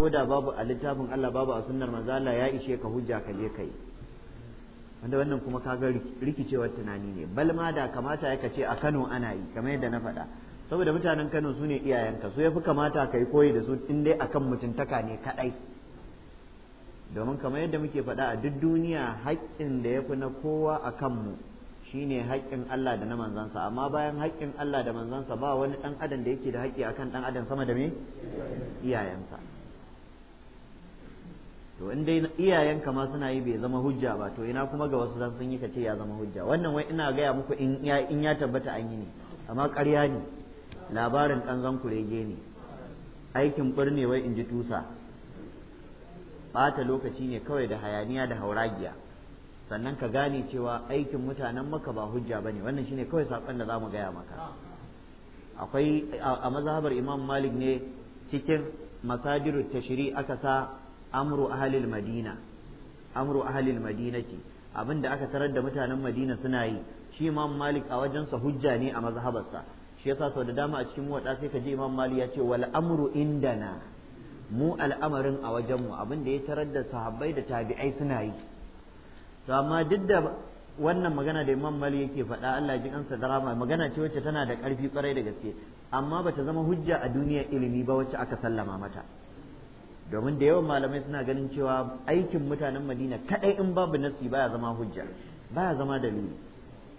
ko da babu a littafin Allah babu a sunnar manzo ya ishe ka hujja ka je kai wanda wannan kuma kaga rikicewar tunani ne bal ma da kamata ya kace a Kano ana yi kamar yadda na faɗa saboda mutanen Kano sune ne iyayenka su yafi kamata kai koyi da su in dai akan mutuntaka ne kadai domin kamar yadda muke faɗa a duk duniya haƙƙin da yafi na kowa a kanmu shine haƙƙin Allah da na manzansa amma bayan haƙƙin Allah da manzansa ba wani ɗan adam da yake da haƙƙi akan ɗan adam sama da me iyayensa to in dai iyayenka ma suna yi bai zama hujja ba to ina kuma ga wasu zan sun yi ka ce ya zama hujja wannan wai ina gaya muku in ya ya tabbata an yi ne amma ƙarya ne labarin ɗan kurege ne aikin birne wai in ji tusa ɓata lokaci ne kawai da hayaniya da hauragiya sannan ka gane cewa aikin mutanen maka ba hujja ba ne wannan shine kawai saƙon da za mu gaya maka akwai a mazhabar imam malik ne cikin masajiru tashiri aka sa amru ahlil madina amru ahlil madinati abinda aka tarar da mutanen madina suna yi shi imam malik a wajensa hujja ne a mazhabarsa shi yasa sau da dama a cikin wada sai ka je imam malik ya ce wal amru indana mu al'amarin a wajenmu abinda ya tarar da sahabbai da tabi'ai suna yi to amma duk da wannan magana da imam mali yake faɗa Allah ya ji kansa darama magana ce wacce tana da ƙarfi ƙwarai da gaske amma bata zama hujja a duniyar ilimi ba wacce aka sallama mata domin da yawan malamai suna ganin cewa aikin mutanen madina kadai in babu nasi baya zama hujja baya zama dalili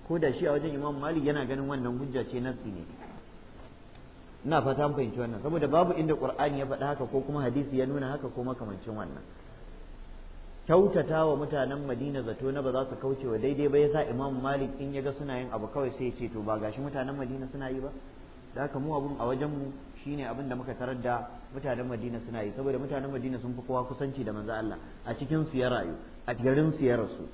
ko da shi a wajen imam malik yana ganin wannan hujja ce nasi ne ina fata an fahimci wannan saboda babu inda qur'ani ya faɗi haka ko kuma hadisi ya nuna haka ko makamancin wannan kyautata wa mutanen madina zato na ba za su kauce wa daidai ba yasa imam malik in ya ga suna yin abu kawai sai ya ce to ba gashi mutanen madina suna yi ba da haka mu abun a wajen mu shine abin da muka tarar da mutanen Madina suna yi saboda mutanen Madina sun fi kowa kusanci da manzo Allah a cikin su ya rayu a garin su ya rasu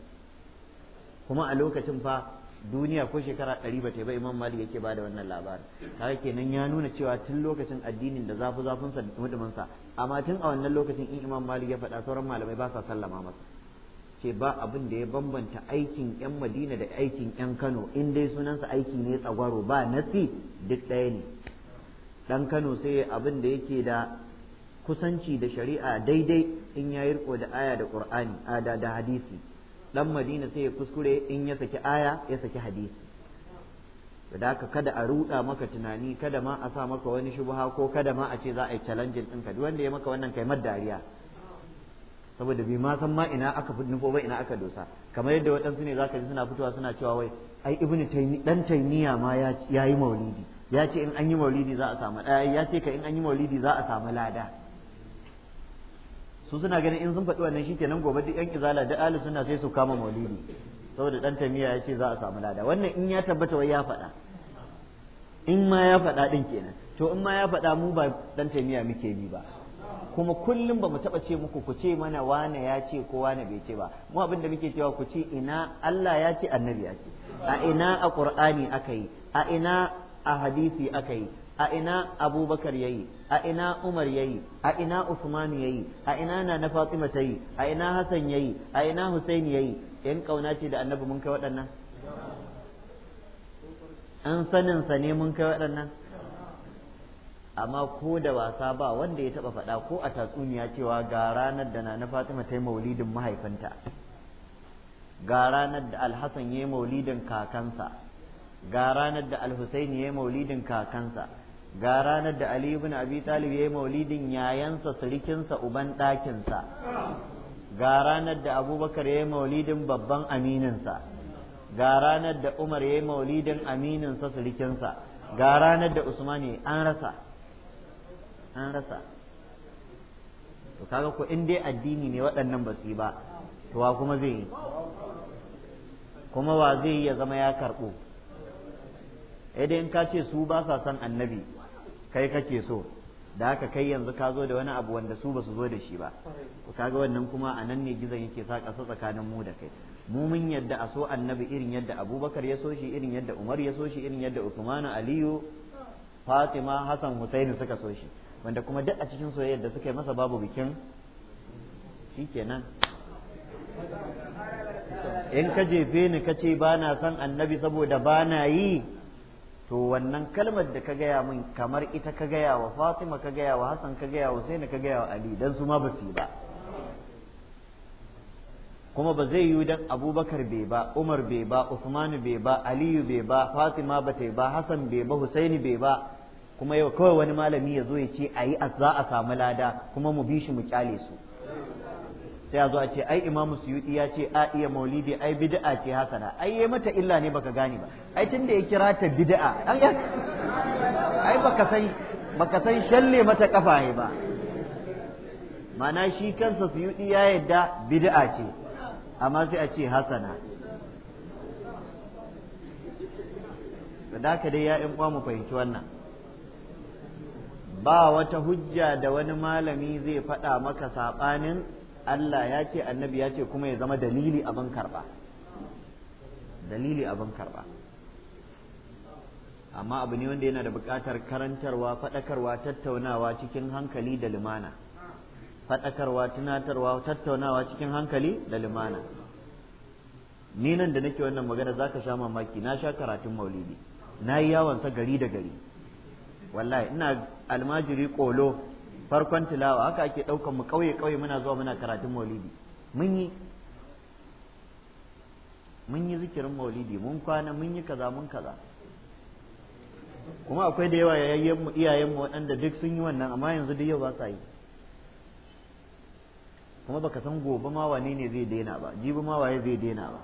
kuma a lokacin fa duniya ko shekara ɗari ba ta ba imam malik yake da wannan labarin kaga kenan ya nuna cewa tun lokacin addinin da zafi zafin sa mudumin sa amma tun a wannan lokacin in imam malik ya faɗa sauran malamai ba sa sallama masa ce ba abin da ya bambanta aikin yan madina da aikin yan kano in dai sunansa aiki ne tsagwaro ba nasi duk ɗaya ne dan Kano sai abin da yake da kusanci da shari'a daidai in ya yi riko da aya da Qur'ani ada da hadisi dan Madina sai ya kuskure in ya saki aya ya saki hadisi da haka kada a ruɗa maka tunani kada ma a sa maka wani shubha ko kada ma a ce za a yi challenge din ka wanda ya maka wannan kai dariya saboda bi ma san ma ina aka nufo ba ina aka dosa kamar yadda waɗansu ne zaka ji suna fitowa suna cewa wai ai ibnu taymi dan taymiya ma ya yi maulidi ya ce in an yi maulidi za a samu ɗaya eh, ya ce ka in an yi maulidi za a samu lada su suna ganin in sun faɗi wannan kenan gobe duk yan izala da Ali suna sai su kama maulidi saboda dan taymiya ya ce za a samu lada wannan in ya tabbata wai ya faɗa in ma ya faɗa din kenan to in ma ya faɗa mu ba dan taymiya muke bi ba kuma kullum ba mu taɓa ce muku ku ce mana wane ya ce ko wane bai ce ba mu abin da muke cewa ku ce ina Allah ya ce annabi ya ce a ina a qur'ani aka yi a ina a hadisi aka yi a ina abubakar ya yi a ina umar ya yi a ina usman ya yi a ina nana fatima ta yi a ina hassan ya yi a ina husain ya yi in kauna ce da annabi mun kai waɗannan an saninsa ne mun kai waɗannan amma ko da wasa ba wanda ya taba faɗa ko a tatsuniya cewa ga ranar da na Fatima ta yi maulidin mahaifinta ga ranar da Alhassan ya yi maulidin kakansa ga ranar da alhussain ya yi maulidin kakansa ga ranar da Ali ibn Abi Talib ya yi maulidin yayansa sirikinsa uban ɗakinsa ga ranar da Abubakar ya yi maulidin babban amininsa ga ranar da Umar ya yi maulidin amininsa sirikinsa ga ranar da Usman an rasa an rasa to kaga ko in dai addini ne waɗannan ba su yi ba to wa kuma zai yi kuma wa zai yi ya zama ya karɓo idan in ka ce su ba sa son annabi kai kake so da haka kai yanzu ka zo da wani abu wanda su ba su zo da shi ba to kaga wannan kuma a nan ne gizon yake sa ƙasa tsakanin mu da kai mu mun yadda a so annabi irin yadda abubakar ya so shi irin yadda umar ya so shi irin yadda usmanu aliyu fatima hasan husaini suka so shi wanda kuma duk a cikin soyayyar da suka yi masa babu bikin shi kenan in ka jefe ni ka ce ba na son annabi saboda ba na yi to wannan kalmar da ka gaya min kamar ita ka gaya wa fatima ka gaya wa hassan ka gaya wa sai ka gaya wa ali dan su ma ba su yi ba kuma ba zai yi dan abubakar bai ba umar bai ba usmanu bai ba aliyu bai ba fatima ba ta yi ba hassan bai ba husaini bai ba kuma yau kawai wani malami ya zo ya ce a yi za a samu lada kuma mu bi shi mu kyale su sai a zo a ce ai imamu suyuti ya ce a iya maulidi ai bid'a ce hasana ai yayi mata illa ne baka gane ba ai tunda ya kira ta bid'a ai baka san baka san shalle mata kafa ne ba mana shi kansa suyuti ya yadda bid'a ce amma sai a ce hasana da haka dai ya ƴan uwa mu fahimci wannan ba wata hujja da wani malami zai faɗa maka saɓanin Allah ya ce annabi ya ce kuma ya zama dalili abin karɓa dalili abin karɓa amma abu ne wanda yana da buƙatar karantarwa faɗakarwa tattaunawa cikin hankali da lumana faɗakarwa tunatarwa tattaunawa cikin hankali da lumana ni nan da nake wannan magana za ka sha mamaki na sha karatun maulidi na yi yawon sa gari da gari wallahi ina almajiri kolo farkon tilawa haka ake ɗaukan mu ƙauye ƙauye muna zuwa muna karatun maulidi mun yi mun yi zikirin maulidi mun kwana mun yi kaza mun kaza kuma akwai da yawa yayyen mu iyayen mu waɗanda duk sun yi wannan amma yanzu duk yau ba sa yi kuma baka san gobe ma wane ne zai daina ba jibi ma waye zai daina ba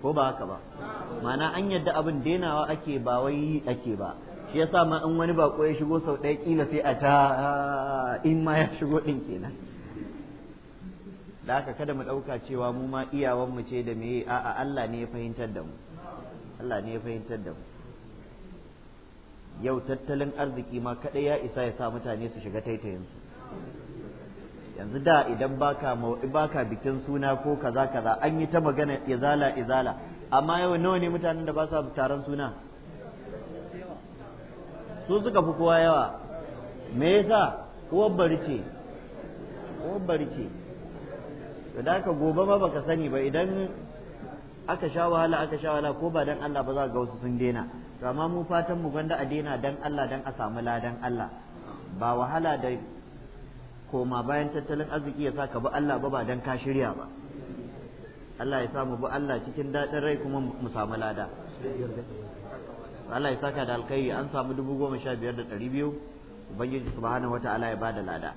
ko ba haka ba ma'ana an yadda abin denawa ake ba wai ake ba shi yasa ma in wani bako ya shigo sau ɗaya kila sai a ta ah, in ma ya shigo ɗin kenan da haka kada mu ɗauka cewa mu ma iyawan mu ce da meye a'a Allah ne ya fahimtar da mu Allah ne ya fahimtar da mu yau tattalin arziki ma kaɗai ya isa ya sa mutane su shiga taitayinsu yanzu da idan baka baka bikin suna ko kaza kaza an yi ta magana izala izala amma yau nawa ne mutanen da ba su taron suna su suka fi kowa yawa me yasa uwar bari ce uwar bari ce da haka gobe ma baka sani ba idan aka sha wahala aka sha wahala ko ba dan Allah ba za ga wasu sun daina to amma mu fatan mu gwanda a daina dan Allah dan a samu ladan Allah ba wahala da koma bayan tattalin arziki ya sa ka bi Allah ba ba dan ka shirya ba Allah ya samu bi Allah cikin daɗin rai kuma mu samu lada Allah ya saka da alkhairi an samu dubu goma sha biyar da ɗari biyu ubangiji subhanahu wataala ya bada lada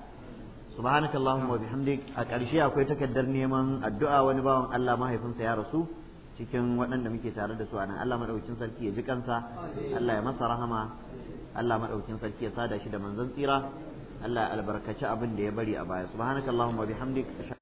subhanaka allahumma wa bihamdik a ƙarshe akwai takardar neman addu'a wani bawan Allah mahaifinsa ya rasu cikin waɗanda muke tare da su a nan Allah madaukakin sarki ya ji kansa Allah ya masa rahama Allah madaukakin sarki ya sada shi da manzon tsira Allah ya albarkaci abin da ya bari a baya subhanaka allahumma wa bihamdik